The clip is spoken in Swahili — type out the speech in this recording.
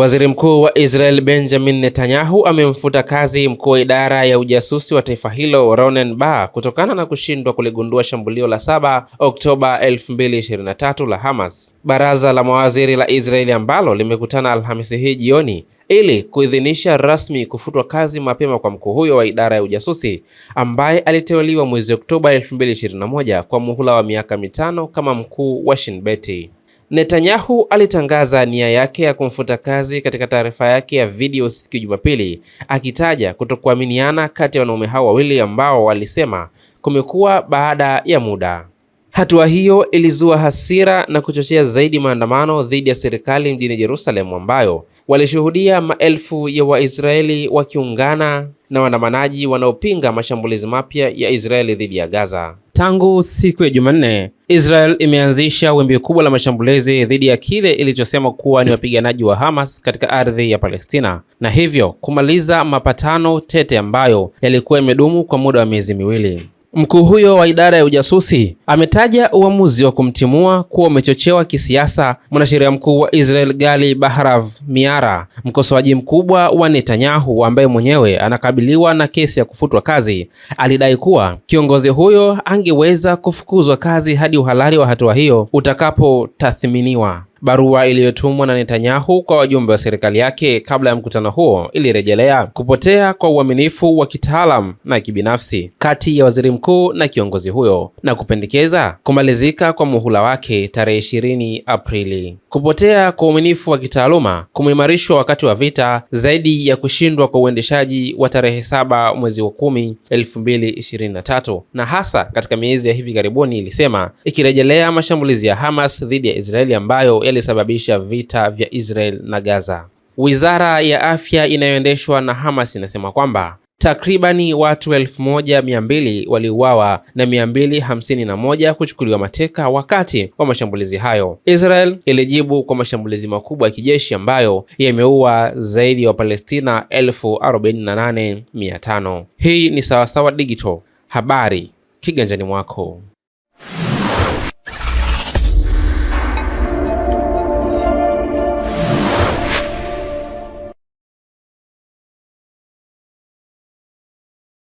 Waziri Mkuu wa Israel Benjamin Netanyahu amemfuta kazi mkuu wa idara ya ujasusi wa taifa hilo Ronen Bar kutokana na kushindwa kuligundua shambulio la 7 Oktoba 2023 la Hamas. Baraza la mawaziri la Israeli ambalo limekutana Alhamisi hii jioni ili kuidhinisha rasmi kufutwa kazi mapema kwa mkuu huyo wa idara ya ujasusi ambaye aliteuliwa mwezi Oktoba 2021 kwa muhula wa miaka mitano kama mkuu wa Shin Beti. Netanyahu alitangaza nia yake ya kumfuta kazi katika taarifa yake ya video siku ya Jumapili, akitaja kutokuaminiana kati ya wanaume hao wawili ambao walisema kumekuwa baada ya muda. Hatua hiyo ilizua hasira na kuchochea zaidi maandamano dhidi ya serikali mjini jerusalemu ambayo walishuhudia maelfu ya Waisraeli wakiungana na waandamanaji wanaopinga mashambulizi mapya ya Israeli dhidi ya Gaza. Tangu siku ya Jumanne, Israel imeanzisha wimbi kubwa la mashambulizi dhidi ya kile ilichosema kuwa ni wapiganaji wa Hamas katika ardhi ya Palestina na hivyo kumaliza mapatano tete ambayo yalikuwa yamedumu kwa muda wa miezi miwili. Mkuu huyo wa idara ya ujasusi ametaja uamuzi wa kumtimua kuwa umechochewa kisiasa. Mwanasheria mkuu wa Israel Gali Baharav Miara, mkosoaji mkubwa wa Netanyahu ambaye mwenyewe anakabiliwa na kesi ya kufutwa kazi, alidai kuwa kiongozi huyo angeweza kufukuzwa kazi hadi uhalali wa hatua hiyo utakapotathminiwa. Barua iliyotumwa na Netanyahu kwa wajumbe wa serikali yake kabla ya mkutano huo ilirejelea kupotea kwa uaminifu wa kitaalam na kibinafsi kati ya waziri mkuu na kiongozi huyo na kupendekeza kumalizika kwa muhula wake tarehe 20 Aprili. Kupotea kwa uaminifu wa kitaaluma kumeimarishwa wakati wa vita zaidi ya kushindwa kwa uendeshaji wa tarehe saba mwezi wa kumi elfu mbili ishirini na tatu na hasa katika miezi ya hivi karibuni, ilisema ikirejelea mashambulizi ya Hamas dhidi ya Israeli ambayo yalisababisha vita vya Israel na Gaza. Wizara ya afya inayoendeshwa na Hamas inasema kwamba Takribani watu 1200 waliuawa na 251 kuchukuliwa mateka wakati wa mashambulizi hayo. Israel ilijibu kwa mashambulizi makubwa ya kijeshi ambayo yameua zaidi ya wa Wapalestina 48500. Hii ni Sawasawa Digital, habari kiganjani mwako.